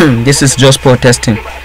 this is just protesting